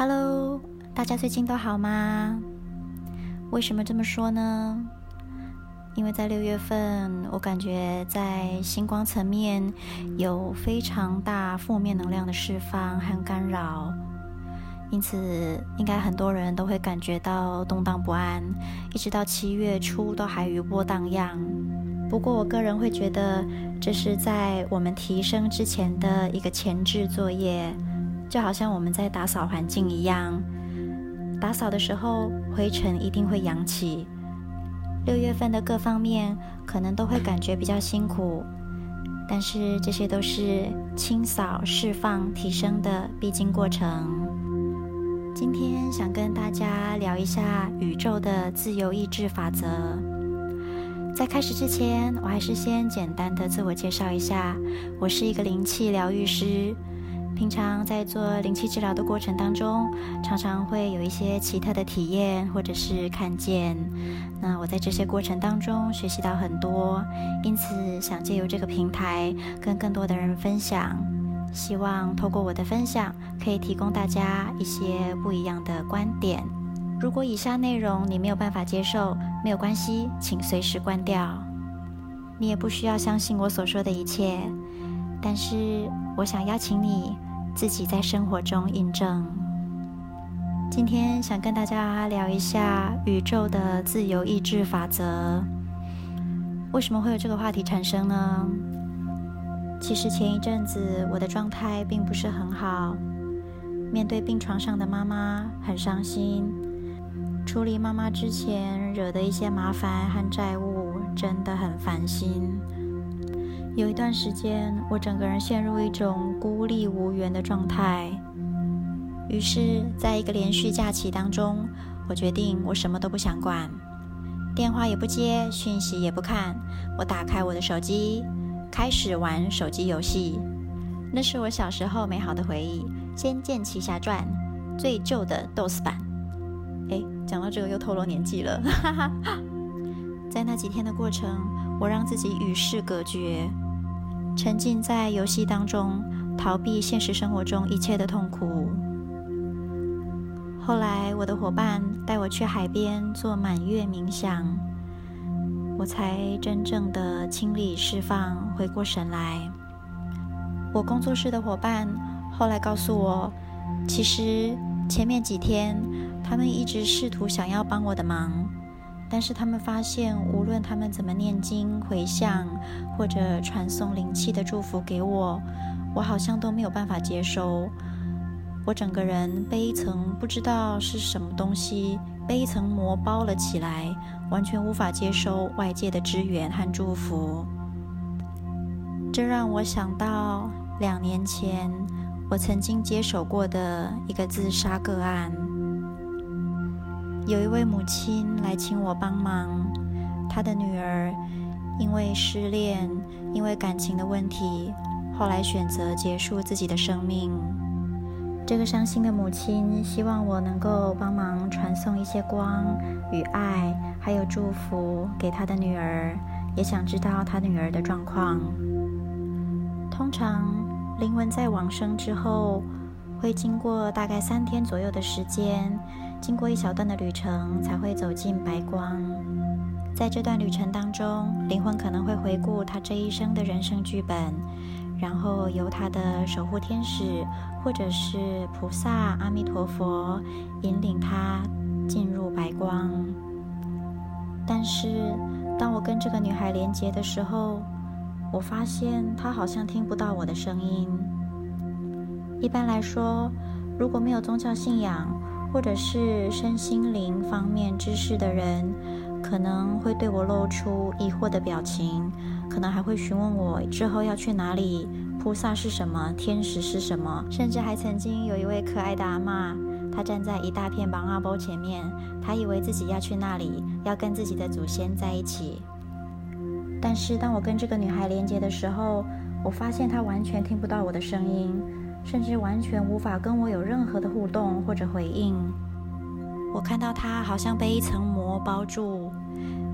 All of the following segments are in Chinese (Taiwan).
Hello，大家最近都好嗎？為什麼這麼說呢？因為在六月份，我感覺在星光層面有非常大負面能量的釋放和干擾，因此應該很多人都會感覺到動盪不安，一直到七月初都還餘波盪漾。不過我個人會覺得，這是在我們提升之前的一個前置作業。就好像我們在打掃環境一樣，打掃的時候灰塵一定會揚起。六月份的各方面可能都會感覺比較辛苦，但是這些都是清掃、釋放、提升的必經過程。今天想跟大家聊一下宇宙的自由意志法則。在開始之前，我還是先簡單的自我介紹一下，我是一個靈氣療癒師。平常在做靈氣治療的過程當中，常常會有一些奇特的體驗，或者是看見。那我在這些過程當中學習到很多，因此想借由這個平台跟更多的人分享。希望透過我的分享，可以提供大家一些不一樣的觀點。如果以下內容你沒有辦法接受，沒有關係，請隨時關掉。你也不需要相信我所說的一切，但是我想邀請你自己在生活中印證。今天想跟大家聊一下宇宙的自由意志法則。為什麼會有這個話題產生呢？其實前一陣子我的狀態並不是很好，面對病床上的媽媽很傷心，處理媽媽之前惹的一些麻煩和債務真的很煩心。有一段時間，我整個人陷入一種孤立無援的狀態。於是，在一個連續假期當中，我決定我什麼都不想管，電話也不接，訊息也不看。我打開我的手機，開始玩手機遊戲。那是我小時候美好的回憶，《仙劍奇俠傳》最舊的 DOS 版。哎，講到這個又透露年紀了。 在那幾天的過程，我讓自己與世隔絕。沉浸在遊戲當中，逃避現實生活中一切的痛苦。後來，我的夥伴帶我去海邊做滿月冥想，我才真正的清理、釋放、回過神來。我工作室的夥伴後來告訴我，其實前面幾天他們一直試圖想要幫我的忙。但是他們發現，無論他們怎麼念經、迴向，或者傳送靈氣的祝福給我，我好像都沒有辦法接收。我整個人被一層不知道是什麼東西、被一層膜包了起來，完全無法接收外界的支援和祝福。這讓我想到兩年前我曾經接手過的一個自殺個案。有一位母親來請我幫忙，她的女兒因為失戀，因為感情的問題，後來選擇結束自己的生命。這個傷心的母親希望我能夠幫忙傳送一些光與愛，還有祝福給她的女兒，也想知道她女兒的狀況。通常靈魂在往生之後，會經過大概三天左右的時間。經過一小段的旅程，才會走進白光。在這段旅程當中，靈魂可能會回顧他這一生的人生劇本，然後由他的守護天使或者是菩薩阿彌陀佛引領他進入白光。但是，當我跟這個女孩連結的時候，我發現她好像聽不到我的聲音。一般來說，如果沒有宗教信仰，或者是身心靈方面知識的人，可能會對我露出疑惑的表情，可能還會詢問我之後要去哪裡。菩薩是什麼？天使是什麼？甚至還曾經有一位可愛的阿嬤，她站在一大片芒阿波前面，她以為自己要去那裡，要跟自己的祖先在一起。但是當我跟這個女孩連接的時候，我發現她完全聽不到我的聲音。甚至完全無法跟我有任何的互動或者回應。我看到他好像被一層膜包住，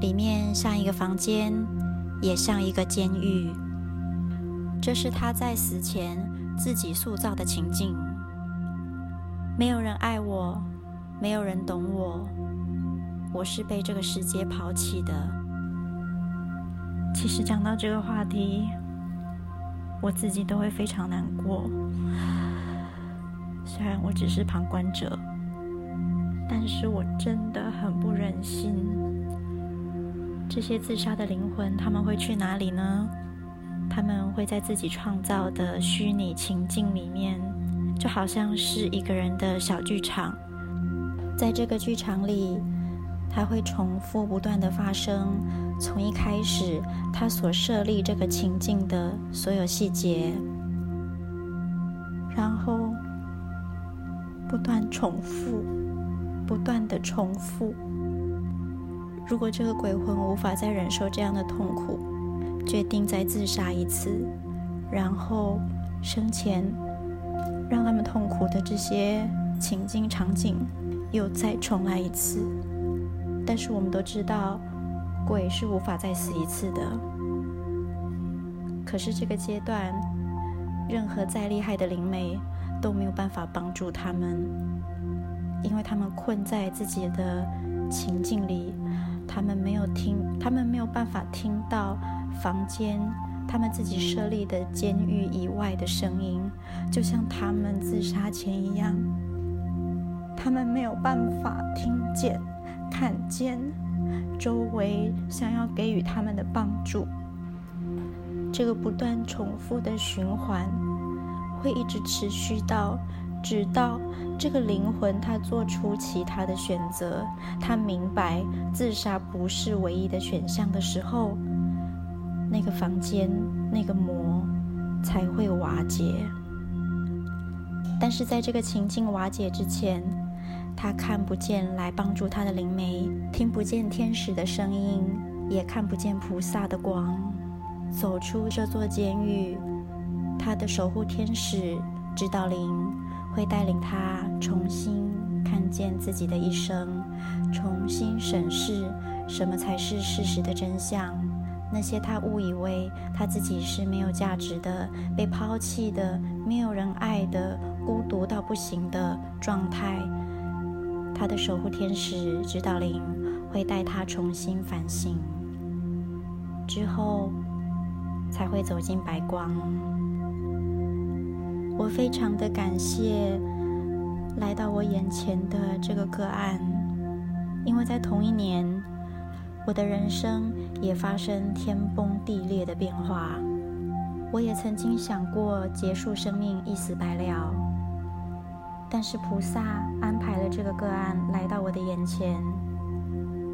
裡面像一個房間，也像一個監獄。這是他在死前自己塑造的情境。沒有人愛我，沒有人懂我，我是被這個世界拋棄的。其實講到這個話題，我自己都會非常難過，雖然我只是旁觀者，但是我真的很不忍心。這些自殺的靈魂，他們會去哪裡呢？他們會在自己創造的虛擬情境裡面，就好像是一個人的小劇場，在這個劇場裡。他會重複不斷的發生，從一開始他所設立這個情境的所有細節，然後不斷重複，不斷的重複。如果這個鬼魂無法再忍受這樣的痛苦，決定再自殺一次，然後生前讓他們痛苦的這些情境場景又再重來一次。但是我們都知道，鬼是無法再死一次的。可是這個階段，任何再厲害的靈媒都沒有辦法幫助他們，因為他們困在自己的情境裡，他們沒有聽，他們沒有辦法聽到房間他們自己設立的監獄以外的聲音，就像他們自殺前一樣，他們沒有辦法聽見。看見周圍想要給予他們的幫助，這個不斷重複的循環會一直持續到，直到這個靈魂他做出其他的選擇，他明白自殺不是唯一的選項的時候，那個房間那個魔才會瓦解。但是在這個情境瓦解之前。他看不見來幫助他的靈媒，聽不見天使的聲音，也看不見菩薩的光。走出這座監獄，他的守護天使、指導靈會帶領他重新看見自己的一生，重新審視什麼才是事實的真相。那些他誤以為他自己是沒有價值的、被拋棄的、沒有人愛的、孤獨到不行的狀態。他的守護天使、指導靈會帶他重新反省，之後才會走進白光。我非常的感謝來到我眼前的這個個案，因為在同一年，我的人生也發生天崩地裂的變化。我也曾經想過結束生命，一死百了。但是菩薩安排了這個個案來到我的眼前。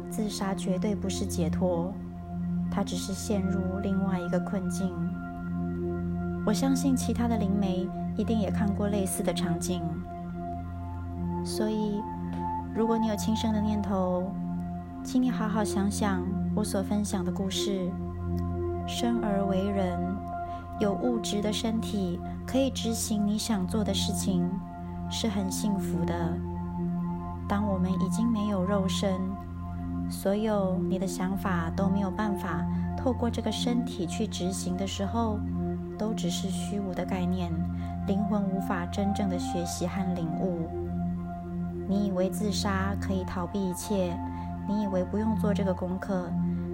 自殺絕對不是解脫，他只是陷入另外一個困境。我相信其他的靈媒一定也看過類似的場景。所以，如果你有輕生的念頭，請你好好想想我所分享的故事。生而為人，有物質的身體，可以執行你想做的事情，是很幸福的。當我們已經沒有肉身，所有你的想法都沒有辦法透過這個身體去執行的時候，都只是虛無的概念，靈魂無法真正的學習和領悟。你以為自殺可以逃避一切，你以為不用做這個功課，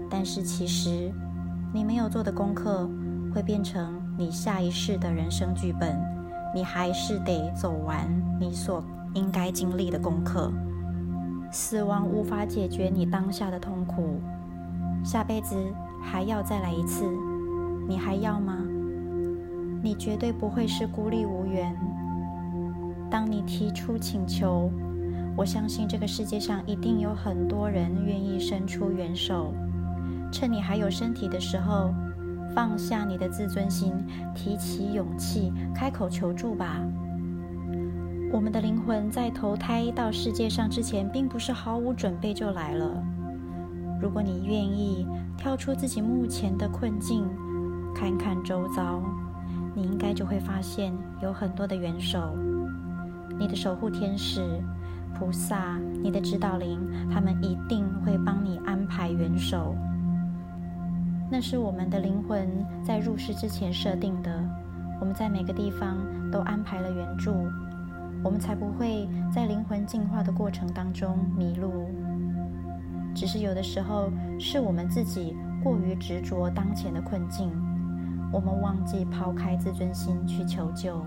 但是其實你沒有做的功課，會變成你下一世的人生劇本。你還是得走完你所應該經歷的功課。死亡無法解決你當下的痛苦，下輩子還要再來一次，你還要嗎？你絕對不會是孤立無援。當你提出請求，我相信這個世界上一定有很多人願意伸出援手。趁你還有身體的時候。放下你的自尊心，提起勇氣，開口求助吧。我們的靈魂在投胎到世界上之前，並不是毫無準備就來了。如果你願意跳出自己目前的困境，看看周遭，你應該就會發現有很多的援手。你的守護天使、菩薩、你的指導靈，他們一定會幫你安排援手。那是我們的靈魂在入世之前設定的，我們在每個地方都安排了援助，我們才不會在靈魂進化的過程當中迷路。只是有的時候是我們自己過於執着當前的困境，我們忘記拋開自尊心去求救，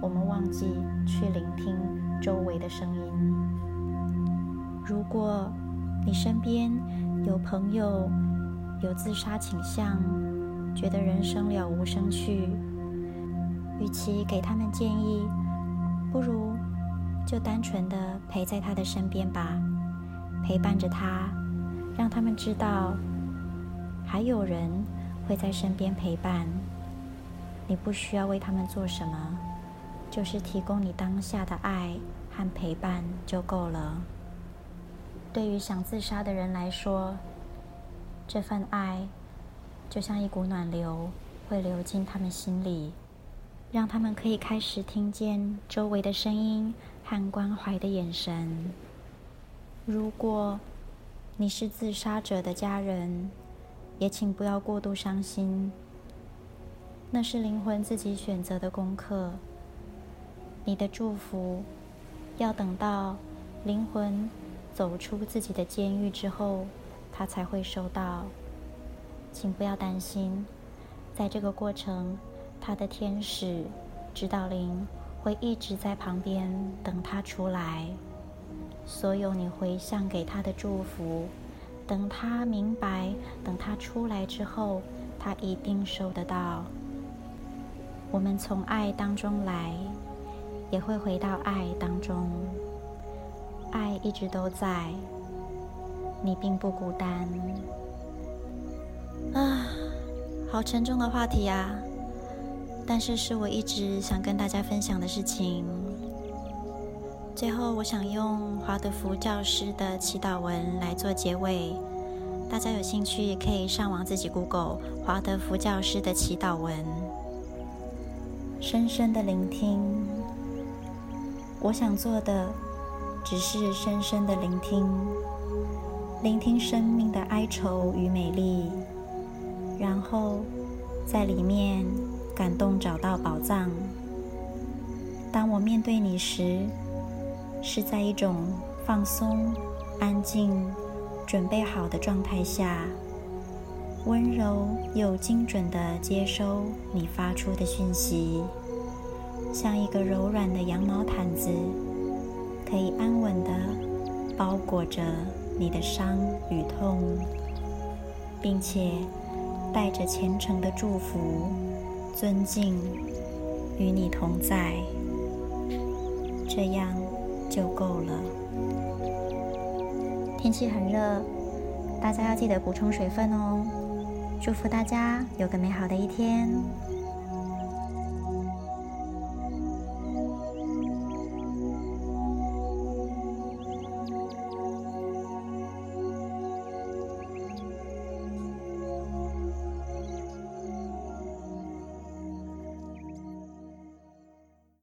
我們忘記去聆聽周圍的聲音。如果你身邊有朋友，有自殺傾向，覺得人生了無生趣。與其給他們建議，不如就單純的陪在他的身邊吧，陪伴着他，讓他們知道還有人會在身邊陪伴。你不需要為他們做什麼，就是提供你當下的愛和陪伴就夠了。對於想自殺的人來說，這份愛就像一股暖流，會流進他們心裡，讓他們可以開始聽見周圍的聲音和關懷的眼神。如果你是自殺者的家人，也請不要過度傷心。那是靈魂自己選擇的功課。你的祝福要等到靈魂走出自己的監獄之後。他才會收到，請不要擔心，在這個過程，他的天使指導靈會一直在旁邊等他出來。所有你回向給他的祝福，等他明白，等他出來之後，他一定收得到。我們從愛當中來，也會回到愛當中，愛一直都在。你並不孤單啊，好沉重的話題啊，但是是我一直想跟大家分享的事情。最後，我想用華德福教師的祈禱文來做結尾。大家有興趣，也可以上網自己 Google 華德福教師的祈禱文。深深的聆聽，我想做的只是深深的聆聽。聆聽生命的哀愁與美麗，然後在裡面感動，找到寶藏。當我面對你時，是在一種放鬆、安靜、準備好的狀態下，溫柔又精準地接收你發出的訊息，像一個柔軟的羊毛毯子，可以安穩地包裹着。你的傷與痛，並且帶着虔誠的祝福、尊敬與你同在，這樣就夠了。天氣很熱，大家要記得補充水分哦。祝福大家有個美好的一天。